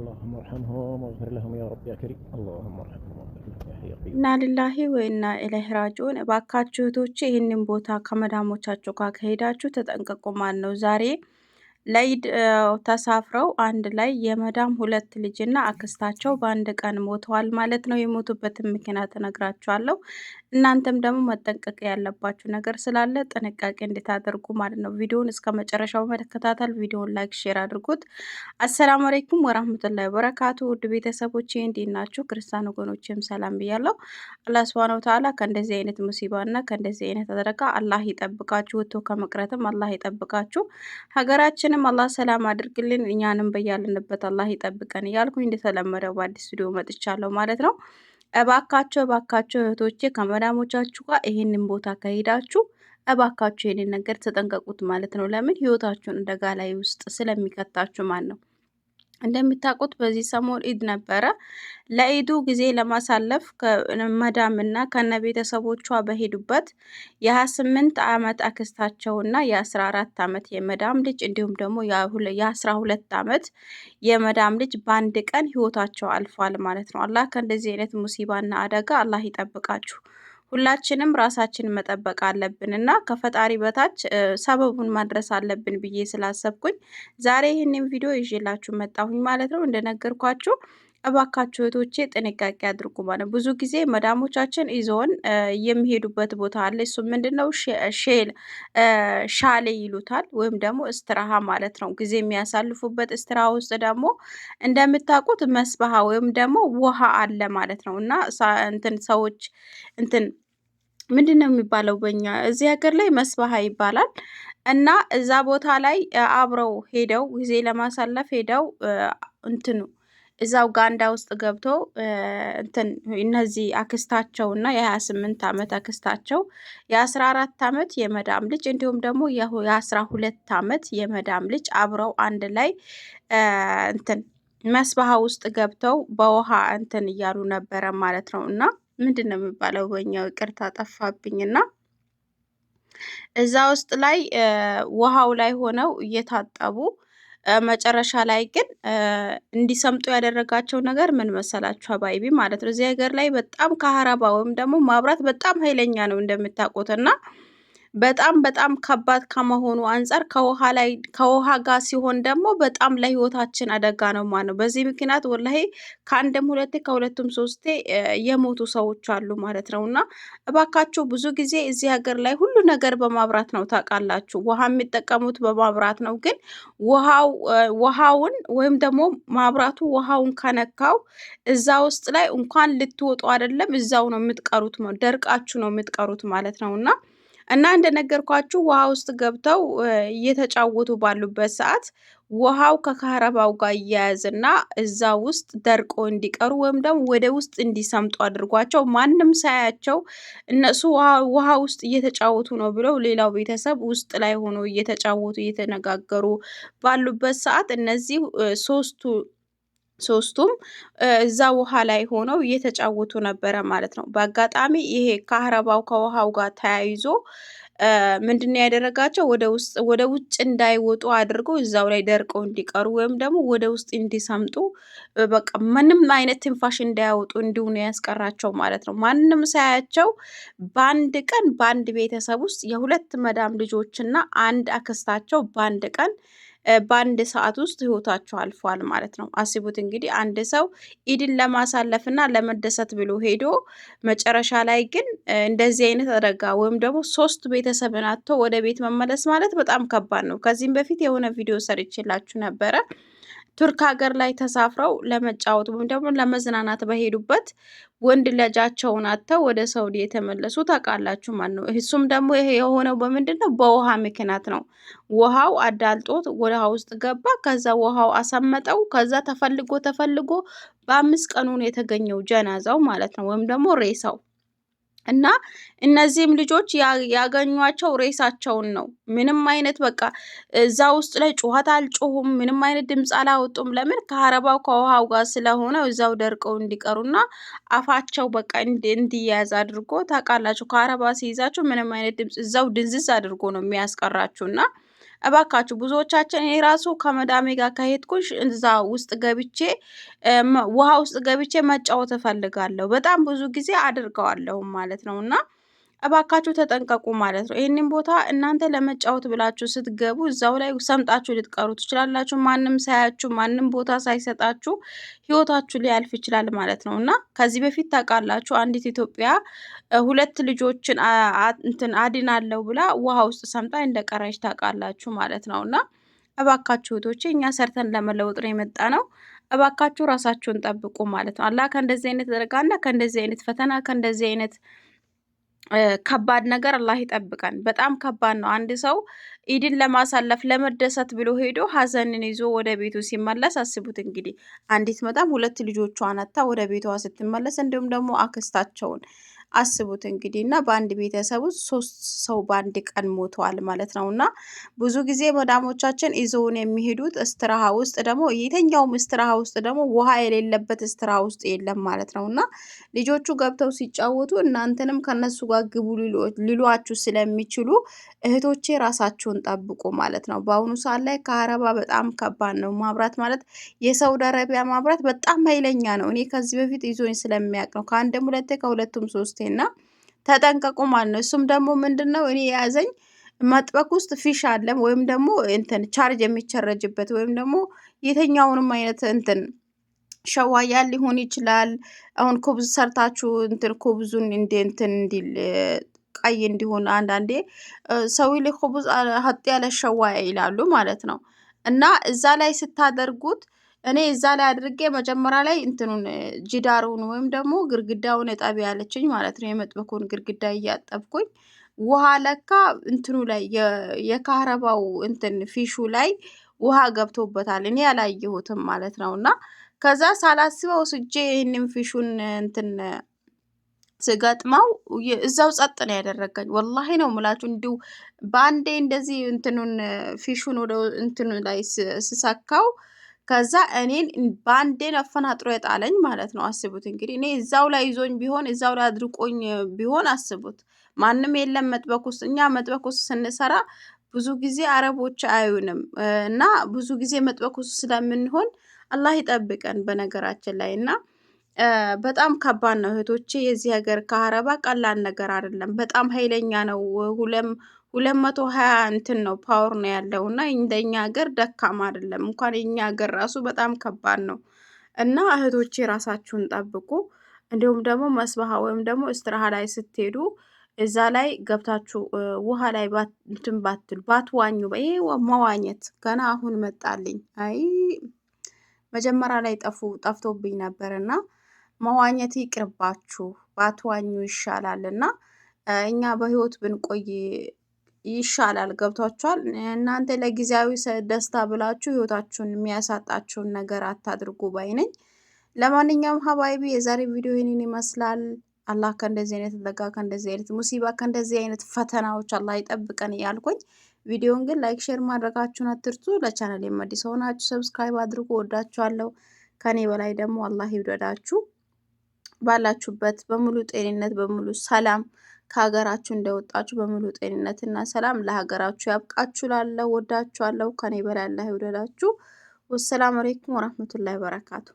اللهم ارحمهم واغفر لهم يا رب يا كريم اللهم ارحمهم واغفر لهم ኢለይሂ ራጂዑን። እባካችሁ እህቶቼ ይህንን ቦታ ከመዳሞቻችሁ ጋር ከሄዳችሁ ተጠንቀቁ። ማን ነው ዛሬ ላይ ተሳፍረው አንድ ላይ የመዳም ሁለት ልጅና አክስታቸው በአንድ ቀን ሞተዋል ማለት ነው። የሞቱበትን ምክንያት እነግራችኋለሁ። እናንተም ደግሞ መጠንቀቅ ያለባችሁ ነገር ስላለ ጥንቃቄ እንድታደርጉ ማለት ነው። ቪዲዮውን እስከ መጨረሻው መከታተል፣ ቪዲዮውን ላይክ፣ ሼር አድርጉት። አሰላሙ አለይኩም ወራህመቱላሂ ወበረካቱ። ውድ ቤተሰቦቼ እንዴት ናችሁ? ክርስቲያን ወገኖቼም ሰላም ብያለሁ። አላህ ሱብሃነሁ ወተዓላ ከእንደዚህ አይነት ሙሲባና ከእንደዚህ አይነት አደረጋ አላህ ይጠብቃችሁ፣ ወጥቶ ከመቅረትም አላህ ይጠብቃችሁ። ሀገራችን ሁላችንም አላህ ሰላም አድርግልን፣ እኛንም በያልንበት አላህ ይጠብቀን እያልኩኝ እንደተለመደው በአዲስ ቪዲዮ መጥቻለሁ ማለት ነው። እባካቸው እባካቸው እህቶቼ ከመዳሞቻችሁ ጋር ይህንን ቦታ ከሄዳችሁ እባካችሁ ይህንን ነገር ተጠንቀቁት ማለት ነው። ለምን ህይወታችሁን አደጋ ላይ ውስጥ ስለሚከታችሁ ማን ነው። እንደምታውቁት በዚህ ሰሞን ኢድ ነበረ። ለኢዱ ጊዜ ለማሳለፍ መዳም እና ከነ ቤተሰቦቿ በሄዱበት የ28 ዓመት አክስታቸውና የ14 ዓመት የመዳም ልጅ እንዲሁም ደግሞ የ12 ዓመት የመዳም ልጅ በአንድ ቀን ህይወታቸው አልፏል ማለት ነው። አላህ ከእንደዚህ አይነት ሙሲባና አደጋ አላህ ይጠብቃችሁ። ሁላችንም ራሳችን መጠበቅ አለብን እና ከፈጣሪ በታች ሰበቡን ማድረስ አለብን ብዬ ስላሰብኩኝ ዛሬ ይህንን ቪዲዮ ይዤላችሁ መጣሁኝ ማለት ነው። እንደነገርኳችሁ እባካችሁ እህቶቼ ጥንቃቄ አድርጉ። ማለት ብዙ ጊዜ መዳሞቻችን ይዞን የሚሄዱበት ቦታ አለ። እሱ ምንድን ነው? ሻሌ ይሉታል ወይም ደግሞ እስትራሃ ማለት ነው። ጊዜ የሚያሳልፉበት እስትራሃ ውስጥ ደግሞ እንደምታውቁት መስበሃ ወይም ደግሞ ውሃ አለ ማለት ነው እና እንትን ሰዎች እንትን ምንድን ነው የሚባለው? በኛ እዚህ ሀገር ላይ መስበሃ ይባላል። እና እዛ ቦታ ላይ አብረው ሄደው ጊዜ ለማሳለፍ ሄደው እንትኑ እዛው ጋንዳ ውስጥ ገብቶ እንትን እነዚህ እና የሀያ ስምንት ዓመት አክስታቸው የአስራ አራት ዓመት የመዳም ልጅ እንዲሁም ደግሞ የአስራ ሁለት ዓመት የመዳም ልጅ አብረው አንድ ላይ እንትን መስበሃ ውስጥ ገብተው በውሃ እንትን እያሉ ነበረ ማለት ነው። እና ምንድን ነው የሚባለው በኛው ይቅርታ ጠፋብኝና እዛ ውስጥ ላይ ውሃው ላይ ሆነው እየታጠቡ መጨረሻ ላይ ግን እንዲሰምጡ ያደረጋቸው ነገር ምን መሰላችሁ? አባይቢ ማለት ነው። እዚህ ሀገር ላይ በጣም ከሀራባ ወይም ደግሞ ማብራት በጣም ኃይለኛ ነው እንደምታውቁት እና በጣም በጣም ከባድ ከመሆኑ አንጻር ከውሃ ላይ ከውሃ ጋር ሲሆን ደግሞ በጣም ለህይወታችን አደጋ ነው ማለት ነው። በዚህ ምክንያት ወላሂ ከአንድም ሁለቴ ከሁለቱም ሶስቴ የሞቱ ሰዎች አሉ ማለት ነው። እና እባካችሁ ብዙ ጊዜ እዚህ ሀገር ላይ ሁሉ ነገር በማብራት ነው ታውቃላችሁ። ውሃ የሚጠቀሙት በማብራት ነው። ግን ውሃውን ወይም ደግሞ ማብራቱ ውሃውን ከነካው እዛ ውስጥ ላይ እንኳን ልትወጡ አይደለም እዛው ነው የምትቀሩት፣ ደርቃችሁ ነው የምትቀሩት ማለት ነው እና እና እንደነገርኳችሁ ውሃ ውስጥ ገብተው እየተጫወቱ ባሉበት ሰዓት ውሃው ከካረባው ጋር እያያዝና እዛ ውስጥ ደርቆ እንዲቀሩ ወይም ደግሞ ወደ ውስጥ እንዲሰምጡ አድርጓቸው ማንም ሳያቸው እነሱ ውሃ ውስጥ እየተጫወቱ ነው ብለው ሌላው ቤተሰብ ውስጥ ላይ ሆኖ እየተጫወቱ እየተነጋገሩ ባሉበት ሰዓት እነዚህ ሶስቱ ሶስቱም እዛ ውሃ ላይ ሆነው እየተጫወቱ ነበረ ማለት ነው። በአጋጣሚ ይሄ ካህረባው ከውሃው ጋር ተያይዞ ምንድነው ያደረጋቸው? ወደ ውጭ እንዳይወጡ አድርጎ እዛው ላይ ደርቀው እንዲቀሩ ወይም ደግሞ ወደ ውስጥ እንዲሰምጡ በቃ ምንም አይነት ትንፋሽ እንዳያወጡ እንዲሁ ነው ያስቀራቸው ማለት ነው። ማንም ሳያቸው በአንድ ቀን በአንድ ቤተሰብ ውስጥ የሁለት መዳም ልጆችና አንድ አክስታቸው በአንድ ቀን በአንድ ሰዓት ውስጥ ህይወታቸው አልፏል ማለት ነው። አስቡት እንግዲህ አንድ ሰው ኢድን ለማሳለፍና ለመደሰት ብሎ ሄዶ መጨረሻ ላይ ግን እንደዚህ አይነት አደጋ ወይም ደግሞ ሶስት ቤተሰብን አጥቶ ወደ ቤት መመለስ ማለት በጣም ከባድ ነው። ከዚህም በፊት የሆነ ቪዲዮ ሰርቼላችሁ ነበረ። ቱርክ ሀገር ላይ ተሳፍረው ለመጫወት ወይም ደግሞ ለመዝናናት በሄዱበት ወንድ ልጃቸውን አጥተው ወደ ሰውዲ የተመለሱ ታውቃላችሁ ማን ነው። እሱም ደግሞ ይሄ የሆነው በምንድን ነው? በውሃ ምክንያት ነው። ውሃው አዳልጦት ውሃ ውስጥ ገባ። ከዛ ውሃው አሰመጠው። ከዛ ተፈልጎ ተፈልጎ በአምስት ቀኑ ነው የተገኘው ጀናዛው ማለት ነው፣ ወይም ደግሞ ሬሳው እና እነዚህም ልጆች ያገኟቸው ሬሳቸውን ነው። ምንም አይነት በቃ እዛ ውስጥ ላይ ጩኸት አልጮሁም፣ ምንም አይነት ድምፅ አላወጡም። ለምን ከአረባው ከውሃው ጋር ስለሆነ እዛው ደርቀው እንዲቀሩና አፋቸው በቃ እንዲያያዝ አድርጎ ታውቃላችሁ። ከአረባ ሲይዛችሁ ምንም አይነት ድምፅ እዛው ድንዝዝ አድርጎ ነው የሚያስቀራችሁ እና እባካችሁ ብዙዎቻችን እኔ ራሱ ከመዳሜ ጋር ከሄድኩሽ እዛ ውስጥ ገብቼ ውሃ ውስጥ ገብቼ መጫወት እፈልጋለሁ። በጣም ብዙ ጊዜ አድርገዋለሁም ማለት ነው እና እባካችሁ ተጠንቀቁ ማለት ነው። ይህንን ቦታ እናንተ ለመጫወት ብላችሁ ስትገቡ እዛው ላይ ሰምጣችሁ ልትቀሩ ትችላላችሁ። ማንም ሳያችሁ፣ ማንም ቦታ ሳይሰጣችሁ ህይወታችሁ ሊያልፍ ይችላል ማለት ነው እና ከዚህ በፊት ታውቃላችሁ አንዲት ኢትዮጵያ ሁለት ልጆችን እንትን አድናለሁ ብላ ውሃ ውስጥ ሰምጣ እንደቀረች ታውቃላችሁ ማለት ነው እና እባካችሁ እህቶቼ እኛ ሰርተን ለመለወጥ ነው የመጣ ነው። እባካችሁ ራሳችሁን ጠብቁ ማለት ነው። አላህ ከእንደዚህ አይነት ደረጋና ከእንደዚህ አይነት ፈተና ከእንደዚህ አይነት ከባድ ነገር አላህ ይጠብቀን። በጣም ከባድ ነው። አንድ ሰው ኢድን ለማሳለፍ ለመደሰት ብሎ ሄዶ ሀዘንን ይዞ ወደ ቤቱ ሲመለስ አስቡት እንግዲህ አንዲት መጣም ሁለት ልጆቿን አታ ወደ ቤቷ ስትመለስ፣ እንዲሁም ደግሞ አክስታቸውን አስቡት እንግዲህ እና በአንድ ቤተሰብ ውስጥ ሶስት ሰው በአንድ ቀን ሞተዋል ማለት ነው። እና ብዙ ጊዜ መዳሞቻችን ይዘውን የሚሄዱት እስትራሃ ውስጥ ደግሞ የተኛውም እስትራሃ ውስጥ ደግሞ ውሃ የሌለበት እስትራሃ ውስጥ የለም ማለት ነው። እና ልጆቹ ገብተው ሲጫወቱ እናንተንም ከነሱ ጋር ግቡ ሊሏችሁ ስለሚችሉ እህቶቼ ራሳችሁን ራሳቸውን ጠብቁ ማለት ነው። በአሁኑ ሰዓት ላይ ከአረባ በጣም ከባድ ነው ማብራት ማለት የሳውዲ አረቢያ ማብራት በጣም ኃይለኛ ነው። እኔ ከዚህ በፊት ይዞኝ ስለሚያውቅ ነው ከአንድም ሁለቴ ከሁለቱም ሶስቴ እና ተጠንቀቁ ማለት ነው። እሱም ደግሞ ምንድን ነው እኔ የያዘኝ መጥበቅ ውስጥ ፊሽ አለም ወይም ደግሞ እንትን ቻርጅ የሚቸረጅበት ወይም ደግሞ የተኛውንም አይነት እንትን ሸዋያ ሊሆን ይችላል። አሁን ኩብዝ ሰርታችሁ እንትን ኩብዙን እንዴ እንትን እንዲል ቀይ እንዲሆን አንዳንዴ ሰው ይልክ ኹቡዝ ሀጥ ያለ ሸዋያ ይላሉ ማለት ነው። እና እዛ ላይ ስታደርጉት እኔ እዛ ላይ አድርጌ መጀመሪያ ላይ እንትኑን ጅዳሩን ወይም ደግሞ ግርግዳውን እጠቢ ያለችኝ ማለት ነው። የመጥበኩን ግርግዳ እያጠብኩኝ ውሃ ለካ እንትኑ ላይ የካረባው እንትን ፊሹ ላይ ውሃ ገብቶበታል። እኔ ያላየሁትም ማለት ነው። እና ከዛ ሳላስበው ስጄ ይህንን ፊሹን እንትን ስገጥመው እዛው ጸጥ ነው ያደረገኝ። ወላሂ ነው የምላችሁ። እንዲሁ በአንዴ እንደዚህ እንትኑን ፊሹን ወደ እንትኑ ላይ ስሰካው ከዛ እኔን በአንዴን አፈናጥሮ የጣለኝ ማለት ነው። አስቡት እንግዲህ እኔ እዛው ላይ ይዞኝ ቢሆን እዛው ላይ አድርቆኝ ቢሆን አስቡት። ማንም የለም መጥበቅ ውስጥ። እኛ መጥበቅ ውስጥ ስንሰራ ብዙ ጊዜ አረቦች አዩንም እና ብዙ ጊዜ መጥበቅ ውስጥ ስለምንሆን አላህ ይጠብቀን በነገራችን ላይ እና በጣም ከባድ ነው እህቶቼ። የዚህ ሀገር ከሀረባ ቀላል ነገር አይደለም። በጣም ኃይለኛ ነው። ሁለት መቶ ሀያ እንትን ነው ፓወር ነው ያለው እና እንደኛ ሀገር ደካማ አይደለም። እንኳን የኛ ሀገር ራሱ በጣም ከባድ ነው እና እህቶቼ ራሳችሁን ጠብቁ። እንዲሁም ደግሞ መስበሃ ወይም ደግሞ እስትራሃ ላይ ስትሄዱ እዛ ላይ ገብታችሁ ውሃ ላይ እንትን ባትል ባትዋኙ። ይሄ መዋኘት ገና አሁን መጣልኝ። አይ መጀመሪያ ላይ ጠፉ ጠፍቶብኝ ነበር እና መዋኘት ይቅርባችሁ ባትዋኙ ይሻላል እና እኛ በህይወት ብንቆይ ይሻላል። ገብቷችኋል? እናንተ ለጊዜያዊ ደስታ ብላችሁ ህይወታችሁን የሚያሳጣችሁን ነገር አታድርጉ ባይ ነኝ። ለማንኛውም ሀባይቢ የዛሬ ቪዲዮ ይህንን ይመስላል። አላህ ከእንደዚህ አይነት ለጋ ከእንደዚህ አይነት ሙሲባ ከእንደዚህ አይነት ፈተናዎች አላህ ይጠብቀን እያልኩኝ ቪዲዮን ግን ላይክ፣ ሼር ማድረጋችሁን አትርቱ። ለቻናል የመዲ ሰው ሰብስክራይብ አድርጉ። ወዳችኋለሁ። ከኔ በላይ ደግሞ አላህ ይውደዳችሁ። ባላችሁበት በሙሉ ጤንነት በሙሉ ሰላም ከሀገራችሁ እንደወጣችሁ በሙሉ ጤንነትና ሰላም ለሀገራችሁ ያብቃችሁ። ላለው ወዳችኋለሁ። ከኔ በላይ አላህ ይውደዳችሁ። ወሰላም አሌይኩም ወረህመቱላሂ በረካቱ